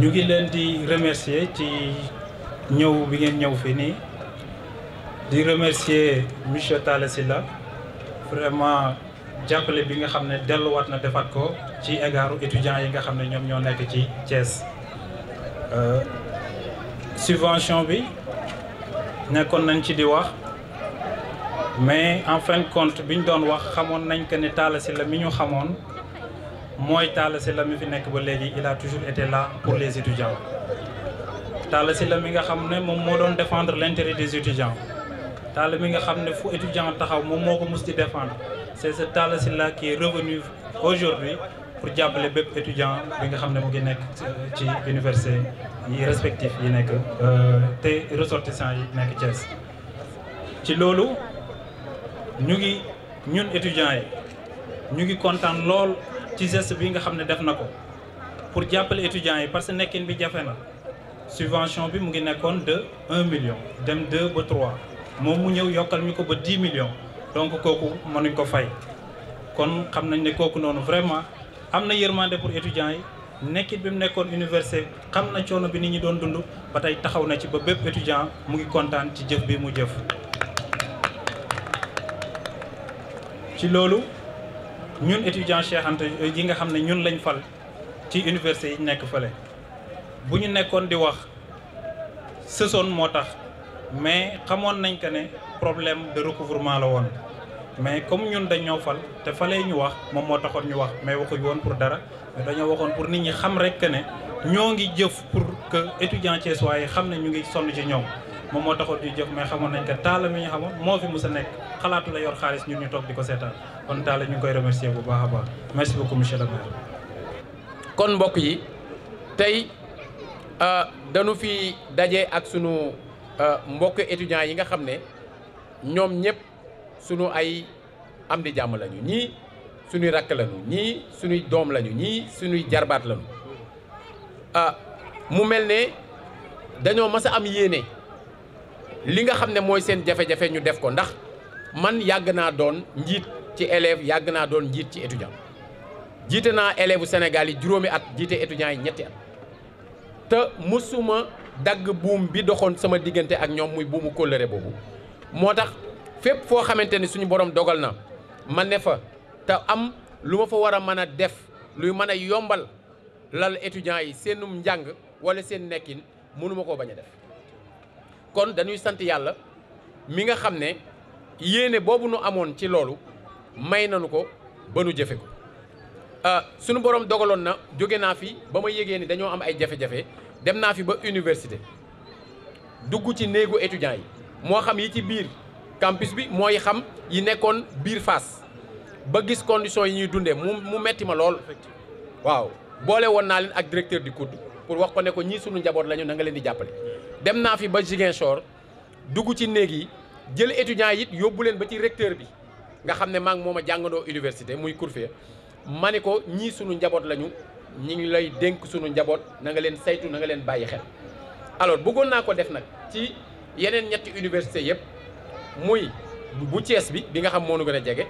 ñu ngi leen di remercier ci ñëw bi ngeen ñëw fii nii di remercier monsieur Talla la vraiment jàppale bi nga xam ne delluwaat na defaat ko ci égaru étudiants yi nga xam ne ñoom ñoo nekk ci Thiès. Euh, subvention bi nekkoon nañ ci di wax mais en fin compte bi ñu doon wax xamoon nañ que ne Talla la mi ñu xamoon. mooy Talla Sylla mi fi nekk ba léegi il a toujours été là pour les étudiants si la mi nga xam ne moom moo doon défendre l'intérêt des étudiants Talla mi nga xam ne fu étudiant taxaw moom moo ko mus di défendre c'est ce Talla Sylla qui est revenu aujourd'hui pour jàppale bépp étudiant bi nga xam ne mu ngi nekk ci université yi respective yi nekk euh, te ressortissants yi nekk Thiès ci loolu ñu ngi ñun étudiants yi ñu ngi kontaan lool ci geste bi nga xam ne def na ko pour jàppale étudiants yi parce que nekkin bi jafe na subvention bi mu ngi nekkoon de 1 million dem 2 ba trois moom mu ñëw yokkal ñu ko ba di millions donc kooku mënuñ ko fay kon xam nañ ne kooku noonu vraiment am na yërmande pour étudiants yi nekkit bi mu nekkoon université xam na coono bi nit ñi doon dund ba tey taxaw na ci ba bépp étudiant mu ngi kontaan ci jëf bi mu jëf ci loolu ñun étudiant Cheikh Anta euh, nga xam ne ñun lañ fal ci université yi nekk fale bu ñu nekkoon di wax sësoon moo tax mais xamoon nañ que ne problème de recouvrement la woon mais comme ñun dañ ñoo fal te falee ñu wax moom moo taxoon ñu wax mais waxuñu woon pour dara mais dañoo waxoon pour nit ñi xam rek ne ñoo ngi jëf pour que étudiant Thiessois xam ne ñu ngi sonn ci ñoom moom moo taxoon ñuy jóg mais xamoon nañ que taala mi ñu xamoon moo fi musa nekk xalaatu la yor xaalis ñun ñu toog di ko seetaan kon taala ñu ngi koy remercier bu baax a baax merci beaucoup monsieur le maire. kon mbokk yi tey euh, dañu fi daje ak sunu euh, mbokk étudiants yi nga xam ne ñoom ñëpp sunu ay am di jàmm lañu ñii sunuy rakk lañu ñii sunuy doom lañu ñii sunuy jarbaat lañu euh, mu mel ne dañoo mas a am yéene. li nga xam ne mooy seen jafe-jafe ñu def ko ndax man yàgg naa doon njiit ci élèves yàgg naa doon njiit ci étudiant jiite naa élèves Sénégal juróomi at jiite étudiants yi ñetti at te mësuma dagg buum bi doxoon sama diggante ak ñoom muy buumu kóllëre boobu moo tax fépp foo xamante ni suñu borom dogal na ma ne fa te am lu ma fa war a mën a def luy mën a yombal lal étudiants yi seenum njàng wala seen nekkin mënuma koo bañ a def kon dañuy sant yàlla mi nga xam ne yéene boobu nu amoon ci loolu may nañu ko ba nu jëfe ko euh, sunu borom dogaloon na jóge naa fi ba ma yégee ni dañoo am ay jafe-jafe dem naa fi ba université dugg ci néegu étudiants yi moo xam yi ci biir campus bi mooy xam yi nekkoon biir fas ba gis conditions yi ñuy dundee mu metti ma lool waaw boole woon naa leen ak directeur du COUD pour wax ko ne ko ñii sunu njaboot lañu na nga leen di jàppale dem naa fi ba Ziguinchor dugg ci néeg yi jël étudiants yi it yóbbu leen ba ci recteur bi nga xam ne maa ngi moom a jàngandoo université muy Courfey ma ne ko ñii sunu njaboot lañu ñi ngi lay dénk sunu njaboot na nga leen saytu nanga leen bàyyi xel. alors bëggoon naa ko def nag ci yeneen ñetti université yëpp muy bu cees bi bi nga xam moo nu gën a jege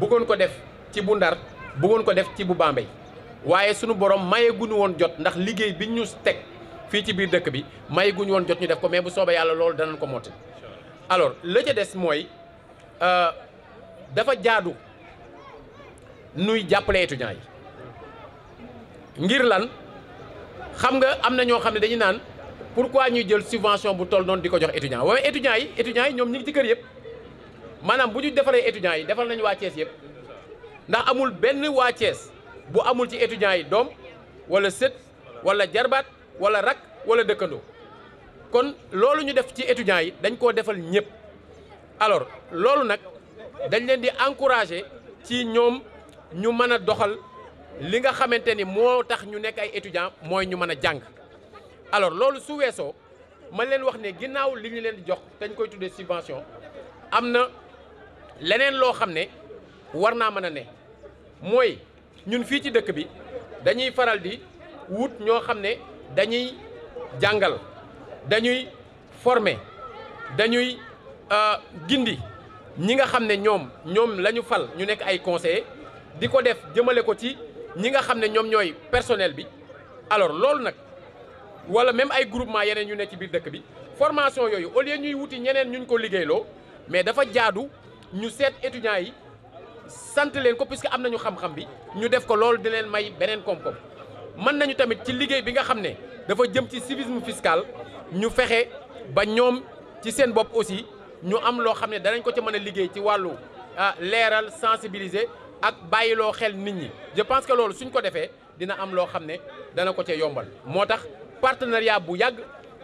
bëggoon ko def ci bu Ndar bëggoon ko def ci bu Bambey waaye sunu borom maye gunu woon jot ndax liggéey bi ñu teg. fii ci biir dëkk bi may guñ woon jot ñu def ko mais bu soobee yàlla loolu danañ ko mottali alors la ca des mooy euh, dafa jaadu nuy jàppale étudiants yi ngir lan xam nga am na ñoo xam ne dañu naan pourquoi ñu jël subvention bu toll noonu di ko jox étudiants waaye étudiants yi étudiants yi ñoom ñu ngi ci kër yëpp maanaam bu ñu defaree étudiants yi defal nañu waa Thiès yëpp ndax amul benn waa Thiès bu amul ci étudiants yi doom wala sët wala jarbaat wala rak wala dëkkandoo kon loolu ñu def ci étudiants yi dañ koo defal ñëpp alors loolu nag dañ leen di encourager ci ñoom ñu mën a doxal li nga xamante ni moo tax ñu nekk ay étudiants mooy ñu mën a jàng alors loolu su weesoo ma leen wax ne ginnaaw li ñu leen di jox dañ koy tuddee subvention am na leneen loo xam ne war naa mën a ne mooy ñun fii ci dëkk bi dañuy faral di wut ñoo xam ne dañuy jàngal dañuy former dañuy euh, gindi ñi nga xam ne ñoom ñoom la ñu fal ñu nekk ay conseillers di ko def jëmale ko ci ñi nga xam ne ñoom ñooy personnel bi alors loolu nag wala même ay groupement yeneen ñu ne ci biir dëkk bi formation yooyu au ñuy wuti ñeneen ñu ko liggéeyloo mais dafa jaadu ñu seet étudiants yi sant leen ko puisque am nañu xam-xam bi ñu def ko loolu di leen may beneen koom-koom mën nañu tamit ci liggéey bi nga xam ne dafa jëm ci civisme fiscal ñu fexe ba ñoom ci seen bopp aussi ñu am loo xam ne danañ ko ci mën a liggéey ci wàllu ah, leeral sensibiliser ak bàyyiloo xel nit ñi je pense que loolu suñ ko defee dina am loo xam ne dana ko cee yombal moo tax partenariat bu yàgg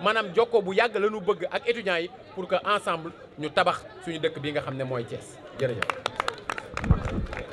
maanaam jokkoo bu yàgg la ñu bëgg ak étudiants yi pour que ensemble ñu tabax suñu dëkk bi nga xam ne mooy Thiès jërëjëf